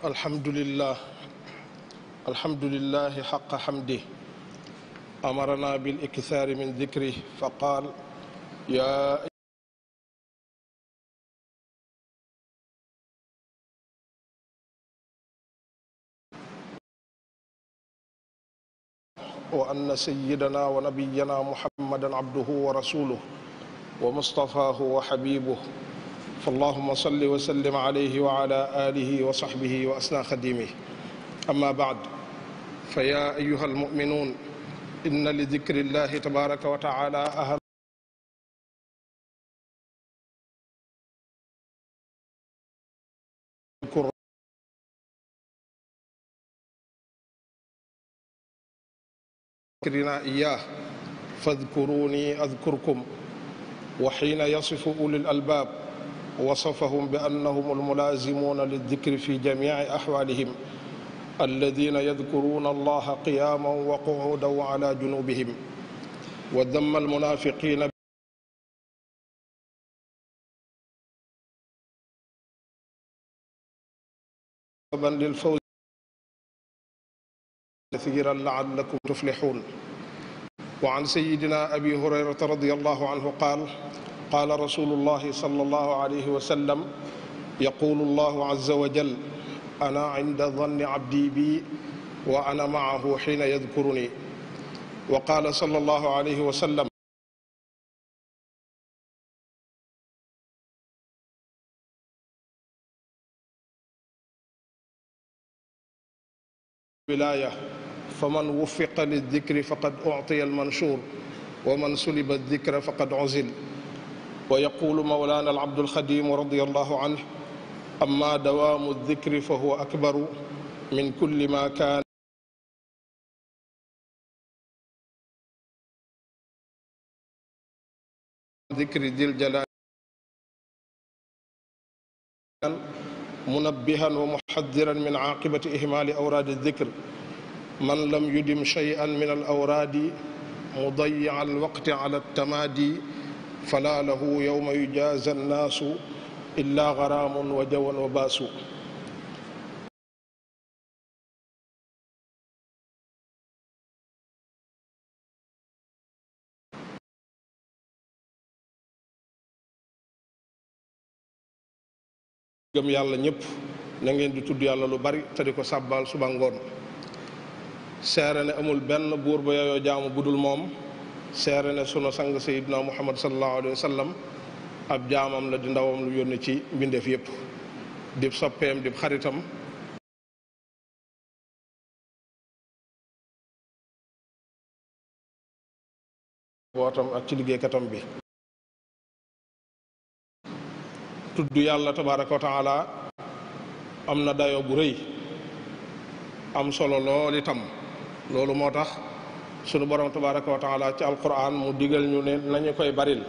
الحمد لله الحمد لله حق حمده أمرنا بالإكثار من ذكره فقال يا وأن سيدنا ونبينا محمدا عبده ورسوله ومصطفاه وحبيبه fa allahuma salli wa sallim alayhi wa ala alihi wa sahbihi wa asna xadimihi amma baad fa ya ayuha almuminuun inna li dikri llahi tabaraka wa taala ahal ذكرنا إياه فاذكروني أذكركم وحين يصف أولي الألباب وصفهم بأنهم الملازمون للذكر في جميع أحوالهم الذين يذكرون الله قياما وقعودا وعلى جنوبهم وذم المنافقين سببا للفوز كثيرا لعلكم تفلحون وعن سيدنا أبي هريرة رضي الله عنه قال qaala rasulullahi sallallahu alayhi wa sallam yaqulu allahu azza wa jal ana inda danni abdi bi wa ana maahu xiina yadkuruni wa qaala sallallahu alayhi wa sallam wilaaya faman wufiqa lildikri faqad utiya almanshur wa man suliba aldikra faqad uzil ويقول مولانا العبد الخديم رضي الله عنه أما دوام الذكر فهو أكبر من كل ما كان ذكر ذي الجلال منبها ومحذرا من عاقبة إهمال أوراد الذكر من لم يدم شيئا من الأوراد مضيع الوقت على التمادي falaa lahu yowma yujaaza annaasu illaa garaamun wa jawan wa baasu gëm yàlla ñépp na di tudd yàlla lu bari te di ko sàbbaal suba ngoon seere ne amul benn buur ba yeyoo jaamu budul moom seere ne sunu sang sayidna muhammad sallallahu alayhi wa sallam ab jaamam la di ndawam lu yónni ci mbindeef yépp dib soppeem dib xaritam bootam ak ci liggéeykatam bi tudd yàlla tabaraka wa taala am na dayo bu rëy am solo lool itam loolu moo tax sunu borom tabaraka wa taala ci alquran mu digal ñu ne nañu koy baril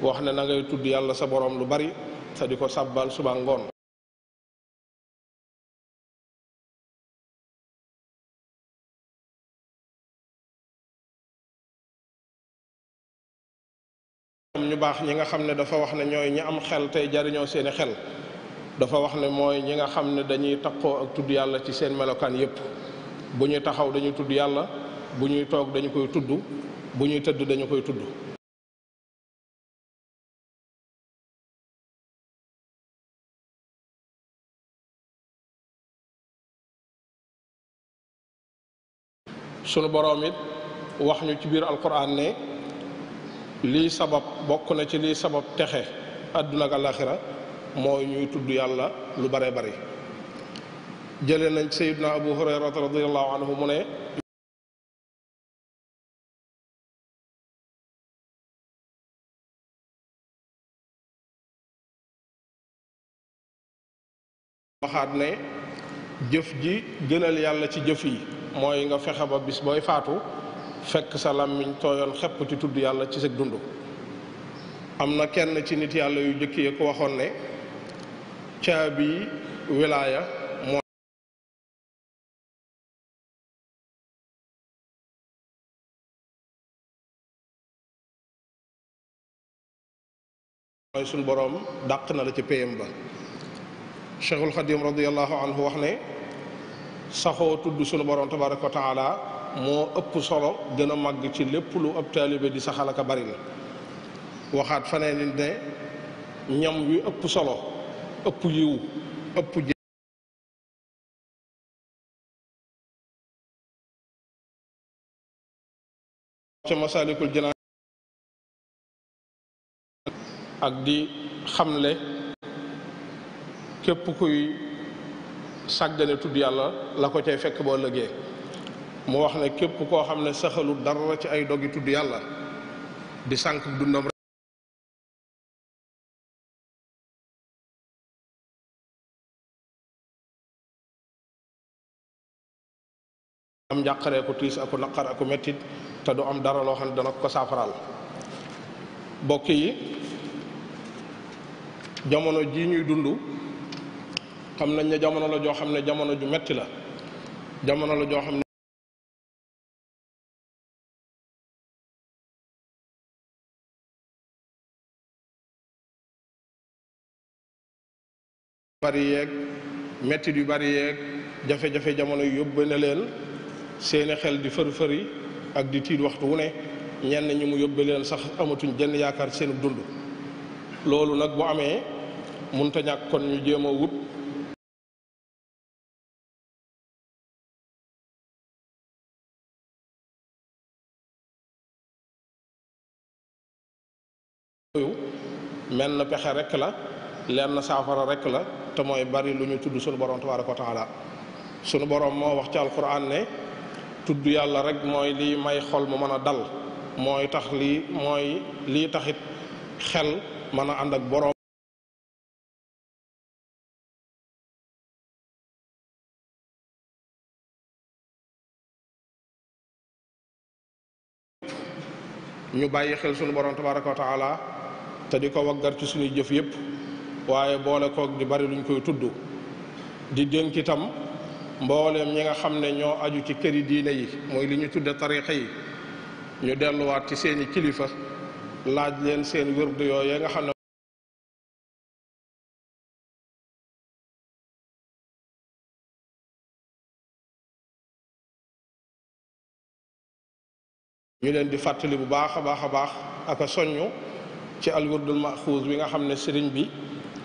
wax ne na tudd yàlla sa borom lu bari sa di ko sabbal suba ngoon ñu baax ñi nga xam ne dafa wax ne ñooy ñi am xel tey jariñoo seeni xel dafa wax ne mooy ñi nga xam ne dañuy takkoo ak tudd yàlla ci seen melokaan yépp bu ñu taxaw dañuy tudd yàlla bu ñuy toog dañu koy tudd bu ñuy tëdd dañu koy tudd sunu boroom it wax ñu ci biir alquran ne lii sabab bokk na ci lii sabab texe àdduna ak mooy ñuy tudd yàlla lu bare bari jële nañ sayidna abu hurayrata radiallahu anhu mu ne waxaat ne jëf ji gënal yàlla ci jëf yi mooy nga fexe ba bis booy faatu fekk sa làmmiñ tooyoon xepp ci tudd yàlla ci sag dund am na kenn ci nit yàlla yu jëkk yi ko waxoon ne caabi wilaaya moo mooy suñ boroom dàq na la ci payam ba cheikhul xadim radiallahu anhu wax ne saxoo tudd sunu borom tabaraka wa taala moo ëpp solo gën a màgg ci lépp lu ab taalibe di saxal ak bari la waxaat faneen ñam wi ëpp solo ëpp yiw ëpp ca masalikul jinaan ak di xamle képp kuy sàggane tudd yàlla la ko cay fekk boo lëgee mu wax ne képp koo xam ne saxalu dara ci ay doggi tudd yàlla di sànq dundam am njàqaree ku tiis aku naqar aku mettit te du am dara loo xam ne dana ko saafaraal bokk yi jamono ji ñuy dund xam nañ ne jamono la joo xam ne jamono ju metti la jamono la joo xam ne bari yeeg mettit yu bari yeeg jafe-jafe jamono yu yóbbu na leen seeni xel di fër-fëri ak di tiit waxtu wu ne ñenn ñi mu yóbbe leen sax amatuñ jenn yaakaar seen dund loolu nag bu amee munta ñàkk kon ñu jéem a wut yooyu menn pexe rek la lenn saafara rek la te mooy bari lu ñu tudd suñu borom tabaraka wa taala borom moo wax ci alquran ne yàlla rek mooy lii may xol mu mën a dal mooy tax lii mooy lii taxit xel mën a ànd ak borom. ñu bàyyi xel sunu borom tabaraka te di ko waggar ci suñuy jëf yépp waaye boole koog di bari luñ koy tudd di dénk itam mbooleem ñi nga xam ne ñoo aju ci këri diine yi mooy li ñu tudde tarixa yi ñu delluwaat ci seeni kilifa laaj leen seen wërdu yooyu nga xam ne ñu leen di fàttali bu baax a baax a baax ak a soññu ci alwirdul maxuus bi nga xam ne sëriñ bi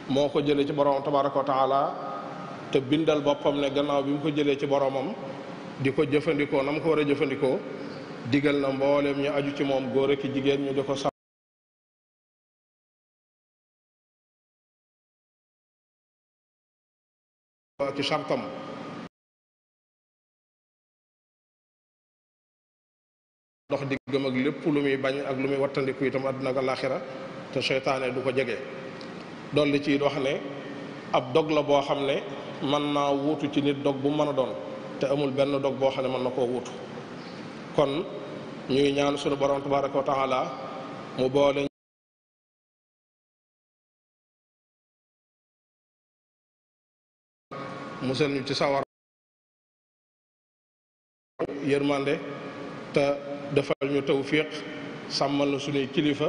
moo ko jëlee ci borom tabaraka wa taala te bindal boppam ne gannaaw bi mu ko jëlee ci boromam di ko jëfandikoo nam ko war a jëfandikoo digal na mbooleem ñu aju ci moom góor ak jigéen ñu di ko sax sartam dox diggam ak lépp lu muy bañ ak lu muy wattandiku itam àdduna ak laaxira te seytaane du ko jege dolli ci wax ne ab dog la boo xam ne mën naa wuutu ci nit dog bu mën a doon te amul benn dog boo xam ne mën na koo wuutu kon ñuy ñaan sunu borom tabaraka wa taala mu boole musal ñu ci sawar yërmande te defal ñu tawfiq sàmmal na suñuy kilifa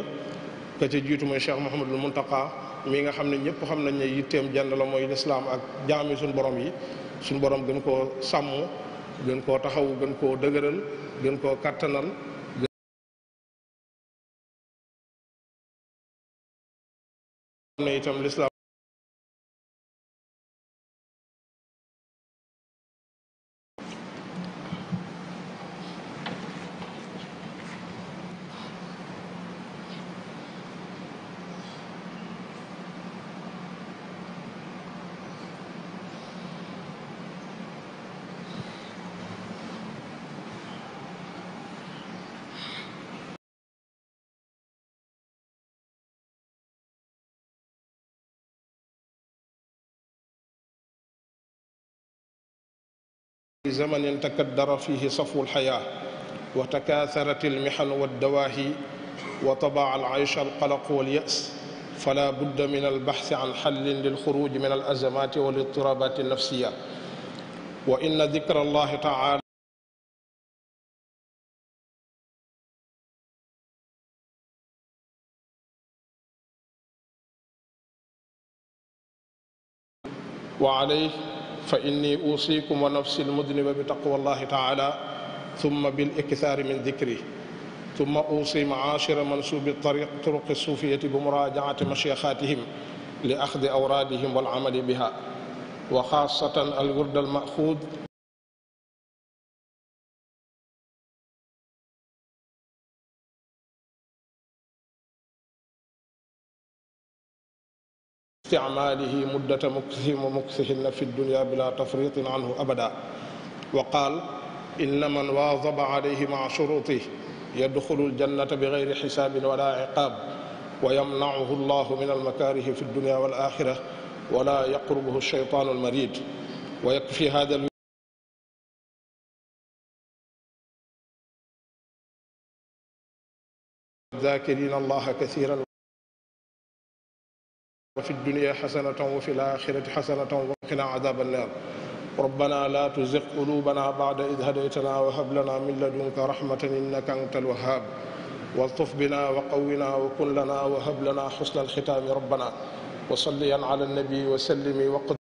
ka ca jiitu mooy Cheikh Mouhamadul Muntaqa mi nga xam ne ñëpp xam nañ ne yitteem jënd la mooy lislaam ak jaami suñu borom yi suñu borom gën koo sàmm gën koo taxawu gën koo dëgëral gën koo kattanal. xam ne itam lislaam في زمن تكدر فيه صفو الحياة وتكاثرت المحن والدواهي وطبع العيش القلق واليأس فلا بد من البحث عن حل للخروج من الأزمات والاضطرابات النفسية وإن ذكر الله تعالى وعليه fa inni usikum wa nafsi almudniba bi taqwa allahi taala thumma bil ikthari min dhikri thumma usi maashira mansubi tariq turuqi sufiyati bi muraajaati mashayikhatihim li axdi awraadihim wal amali biha wa xaasatan al wird al maxuud isticmaalihi muddata muksihim wa muksihinna fi dunya bila tafritin anhu abada wa qaal inna man waazaba alayhi maa shurutih yadxulu ljannata bi gayri xisaabin wala iqaab wa yamnacuhu allahu min almakaarihi fi dunya wal axira wala yaqrubuhu shaytaanu almarid wa yakfi hada الذاكرين الله كثيرا وفي الدنيا حسنة وفي الآخرة حسنة وقنا عذاب النار ربنا لا تزغ قلوبنا بعد إذ هديتنا وهب لنا من لدنك رحمة إنك أنت الوهاب والطف بنا وقونا وكن لنا وهب لنا حسن الختام ربنا وصليا على النبي وسلم وقد